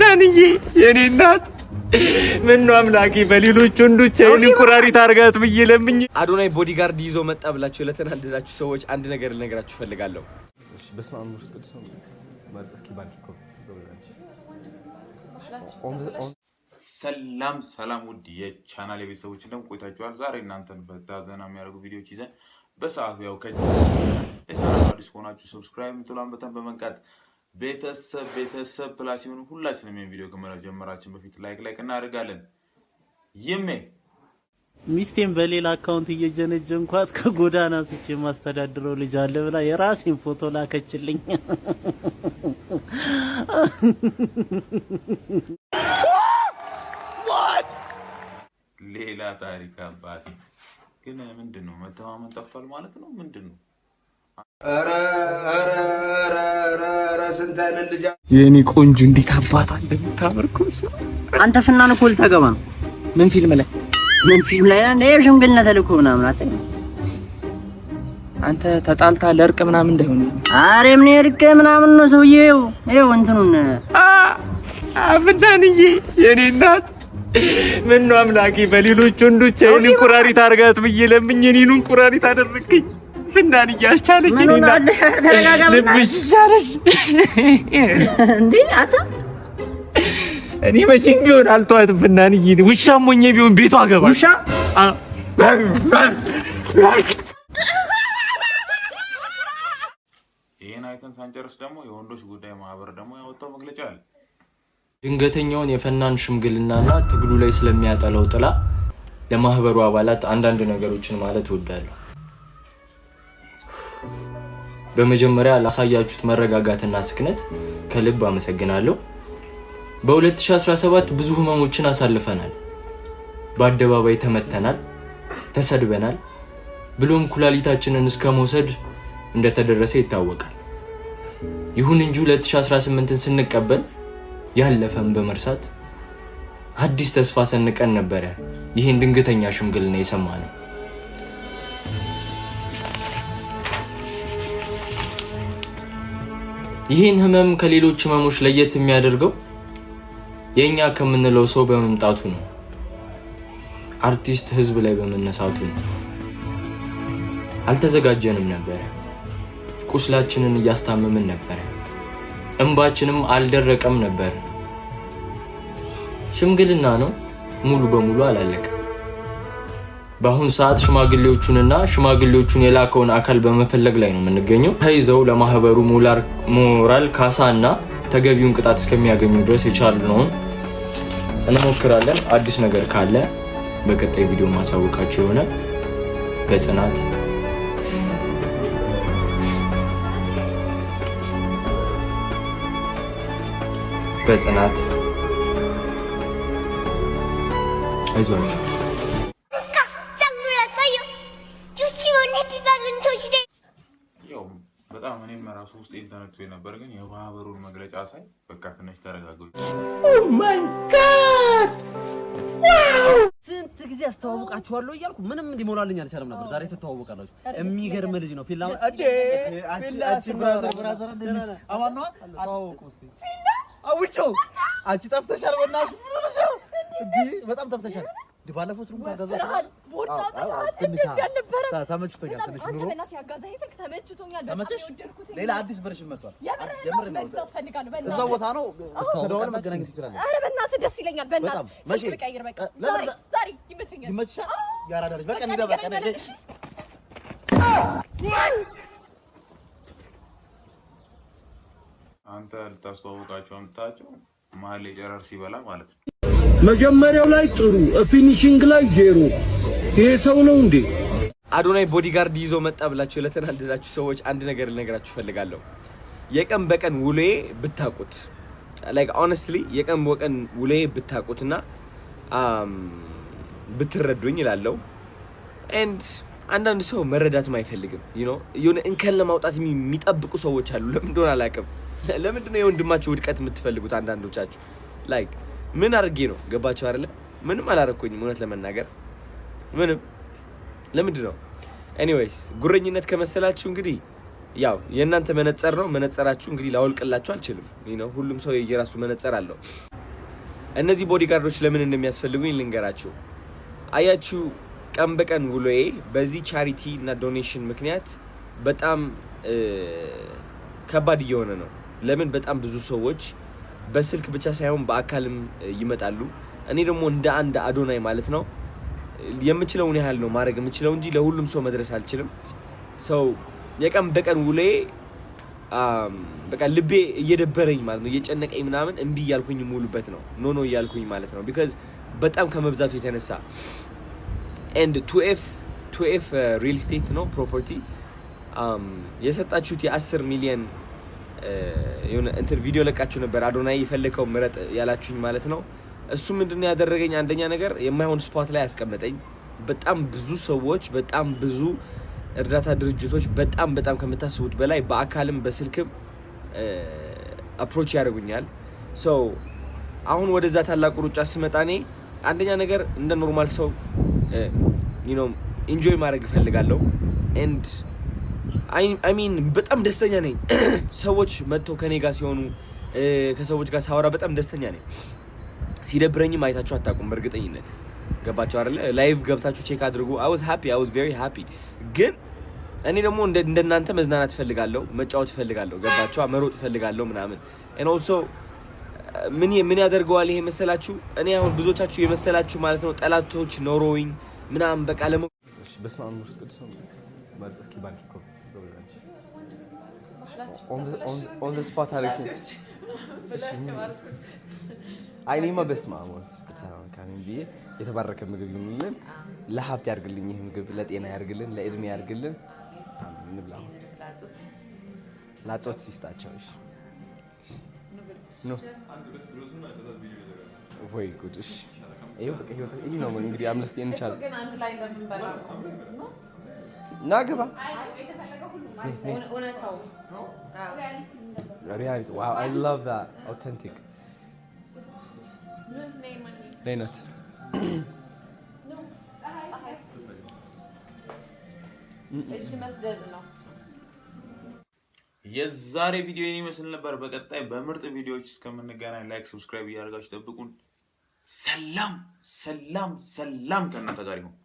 ዳንዬ የኔ እናት ነው አምላኪ በሌሎች ወንዶች አይኔ ኩራሪት አርጋት ብዬ ለምኝ አዶናይ ቦዲጋርድ ይዞ መጣ ብላችሁ ለተናደዳችሁ ሰዎች አንድ ነገር ልነግራችሁ እፈልጋለሁ። ሰላም ሰላም፣ ውድ የቻናል የቤተሰቦች እንደም ቆይታችኋል። ዛሬ እናንተን በታዘና የሚያደርጉ ቪዲዮዎች ይዘን በሰዓቱ ያው ከ አዲስ ከሆናችሁ ሰብስክራይብ ምትሏን በተን በመንቃት ቤተሰብ ቤተሰብ ፕላስ ሲሆኑ ሁላችንም ይህን ቪዲዮ ከመጀመራችን በፊት ላይክ ላይክ እናደርጋለን። ይሜ ሚስቴን በሌላ አካውንት እየጀነጀንኳት ከጎዳና ስች የማስተዳድረው ልጅ አለ ብላ የራሴን ፎቶ ላከችልኝ። ሌላ ታሪክ አባቴ። ግን ምንድን ነው መተማመን ጠፋል ማለት ነው? ምንድን ነው? የኔ ቆንጆ እንዴት አባታ እንደምታመርኩ አንተ ፍናን እኮ ልታገባ ነው። ምን ፊልም ላይ ምን ፊልም ላይ ነው? ሽምግልና ተልኮ ምናምን አታይ አንተ ተጣልታ ለእርቅ ምናምን እንደሆነ አሬ ምን እርቅ ምናምን ነው ሰውዬው። ይኸው እንትኑን አፍንዳንዬ የኔ እናት ምን ነው አምላኬ፣ በሌሎች ወንዶች አይኑን ቁራሪት አድርጋት ብዬ ለምኝ እኔን ቁራሪት አደረግኝ። ፍናን እያስቻለች ልብሽ ይሻለሽ እንዴ? አታ እኔ መቼም ቢሆን አልተዋት ፍናን እይ ውሻ ሞኜ ቢሆን ቤቷ አገባ ውሻ ይህን አይተን ሳንጨርስ ደግሞ የወንዶች ጉዳይ ማህበር ደግሞ ያወጣው መግለጫ አለ። ድንገተኛውን የፈናን ሽምግልናና ትግሉ ላይ ስለሚያጠለው ጥላ ለማህበሩ አባላት አንዳንድ ነገሮችን ማለት እወዳለሁ። በመጀመሪያ ላሳያችሁት መረጋጋትና ስክነት ከልብ አመሰግናለሁ። በ2017 ብዙ ህመሞችን አሳልፈናል። በአደባባይ ተመተናል፣ ተሰድበናል፣ ብሎም ኩላሊታችንን እስከ መውሰድ እንደተደረሰ ይታወቃል። ይሁን እንጂ 2018ን ስንቀበል ያለፈን በመርሳት አዲስ ተስፋ ሰንቀን ነበረ ይህን ድንገተኛ ሽምግልና የሰማ ነው። ይህን ህመም ከሌሎች ህመሞች ለየት የሚያደርገው የእኛ ከምንለው ሰው በመምጣቱ ነው። አርቲስት ህዝብ ላይ በመነሳቱ ነው። አልተዘጋጀንም ነበረ። ቁስላችንን እያስታመምን ነበረ። እንባችንም አልደረቀም ነበር። ሽምግልና ነው፣ ሙሉ በሙሉ አላለቀም። በአሁን ሰዓት ሽማግሌዎቹንና ሽማግሌዎቹን የላከውን አካል በመፈለግ ላይ ነው የምንገኘው። ተይዘው ለማህበሩ ሞራል ካሳ እና ተገቢውን ቅጣት እስከሚያገኙ ድረስ የቻልነውን እንሞክራለን። አዲስ ነገር ካለ በቀጣይ ቪዲዮ ማሳወቃቸው የሆነ በጽናት በጽናት አይዟቸው። በጣም እኔም ራሱ ውስጤን ተነክቶ የነበር ግን የማህበሩን መግለጫ ሳይ በቃ ትንሽ ተረጋገ። ኦማይ oh ስንት ጊዜ አስተዋውቃችኋለሁ እያልኩ ምንም እንዲሞላልኝ አልቻለም ነበር። ዛሬ ትተዋወቃላችሁ። የሚገርም ልጅ ነው። ፊላ አውጮ አንቺ ጠፍተሻል፣ በእናትሽ በጣም ጠፍተሻል። ባለፈው ስልኩ ታጋዛል። ተመችቶኛል። ትንሽ ኑሮ ሌላ አዲስ ቨርሽን መጥቷል። እዛው ቦታ ነው ተደዋውለን መገናኘት ይችላል። አረ በእናትህ ደስ ይለኛል። በእናትህ ስልክ ልቀይር። በቃ ዛሬ ይመቸኛል። በቃ በቃ አንተ ልታስተዋውቃቸው አምጥታቸው መሀል የጨረር ሲበላ ማለት ነው መጀመሪያው ላይ ጥሩ፣ ፊኒሽንግ ላይ ዜሮ። ይሄ ሰው ነው እንዴ? አዶናይ ቦዲጋርድ ይዞ መጣ ብላችሁ ለተናደዳችሁ ሰዎች አንድ ነገር ልነግራችሁ እፈልጋለሁ። የቀን በቀን ውሎዬ ብታቁት ላይክ ኦነስትሊ የቀን በቀን ውሎዬ ብታቁትና ብትረዱኝ ይላለው። ኤንድ አንዳንድ ሰው መረዳትም አይፈልግም። የሆነ እንከን ለማውጣት የሚጠብቁ ሰዎች አሉ። ለምን እንደሆነ አላውቅም። ለምንድነው የወንድማችሁ ውድቀት የምትፈልጉት አንዳንዶቻችሁ ላይክ ምን አድርጌ ነው? ገባችሁ አይደለ? ምንም አላረኩኝም፣ እውነት ለመናገር ምንም። ለምንድን ነው ኤኒዌይስ፣ ጉረኝነት ከመሰላችሁ እንግዲህ ያው የእናንተ መነጸር ነው። መነጸራችሁ እንግዲህ ላወልቅላችሁ አልችልም ነው። ሁሉም ሰው የየራሱ መነጸር አለው። እነዚህ ቦዲጋርዶች ለምን እንደሚያስፈልጉኝ ልንገራችሁ። አያችሁ ቀን በቀን ውሎዬ በዚህ ቻሪቲ እና ዶኔሽን ምክንያት በጣም ከባድ እየሆነ ነው። ለምን በጣም ብዙ ሰዎች በስልክ ብቻ ሳይሆን በአካልም ይመጣሉ። እኔ ደግሞ እንደ አንድ አዶናይ ማለት ነው የምችለውን ያህል ነው ማድረግ የምችለው እንጂ ለሁሉም ሰው መድረስ አልችልም። ሰው የቀን በቀን ውሌ በቃ ልቤ እየደበረኝ ማለት ነው እየጨነቀኝ ምናምን እምቢ እያልኩኝ ሙሉበት ነው ኖ ኖ እያልኩኝ ማለት ነው ቢካዝ በጣም ከመብዛቱ የተነሳ ኤንድ ቱኤፍ ቱኤፍ ሪል ስቴት ነው ፕሮፐርቲ የሰጣችሁት 10 ሚሊየን የሆነ እንትን ቪዲዮ ለቃችሁ ነበር አዶናይ የፈለከው ምረጥ ያላችሁኝ ማለት ነው። እሱ ምንድነው ያደረገኝ? አንደኛ ነገር የማይሆን ስፖት ላይ ያስቀመጠኝ። በጣም ብዙ ሰዎች፣ በጣም ብዙ እርዳታ ድርጅቶች በጣም በጣም ከምታስቡት በላይ በአካልም በስልክም አፕሮች ያደርጉኛል። አሁን ወደዛ ታላቁ ሩጫ ስመጣ እኔ አንደኛ ነገር እንደ ኖርማል ሰው ኢንጆይ ማድረግ እፈልጋለሁ ኤንድ አይሚን በጣም ደስተኛ ነኝ። ሰዎች መጥተው ከኔ ጋር ሲሆኑ ከሰዎች ጋር ሳወራ በጣም ደስተኛ ነኝ። ሲደብረኝም አይታችሁ አታውቁም በእርግጠኝነት ገባችሁ አይደለ? ላይቭ ገብታችሁ ቼክ አድርጉ። አይ ዋዝ ሃፒ አይ ዋዝ ቬሪ ሃፒ። ግን እኔ ደግሞ እንደናንተ መዝናናት እፈልጋለሁ፣ መጫወት እፈልጋለሁ፣ ገባችሁ? መሮጥ እፈልጋለሁ ምናምን ኤንድ ኦልሶ ምን ምን ያደርገዋል ይሄ መሰላችሁ? እኔ አሁን ብዙዎቻችሁ የመሰላችሁ ማለት ነው ጠላቶች ኖሮኝ ምናምን በቃ ለመ ኦን ስፖት አለችኝ። አይኔማ በስመ አብ ወመንፈስ ቅዱስ ብዬ የተባረከ ምግብ ይሁንልን። ለሀብት ያድርግልኝ። ይህ ምግብ ለጤና ያድርግልን፣ ለእድሜ ያድርግልን። እንብላ። ላጦት ይስጣቸው። ወይ ጉድ! ይህ ነው እንግዲህ አምለስቴ እንቻል ና ግባ ሪያሊቲ ዋው አይ ላቭ ዛት አውተንቲክ ናት። የዛሬ ቪዲዮ ይህን ይመስል ነበር። በቀጣይ በምርጥ ቪዲዮዎች እስከምንገናኝ ላይክ፣ ሰብስክራይብ እያደረጋችሁ ጠብቁን። ሰላም ሰላም ሰላም ከእናንተ ጋር ይሁን።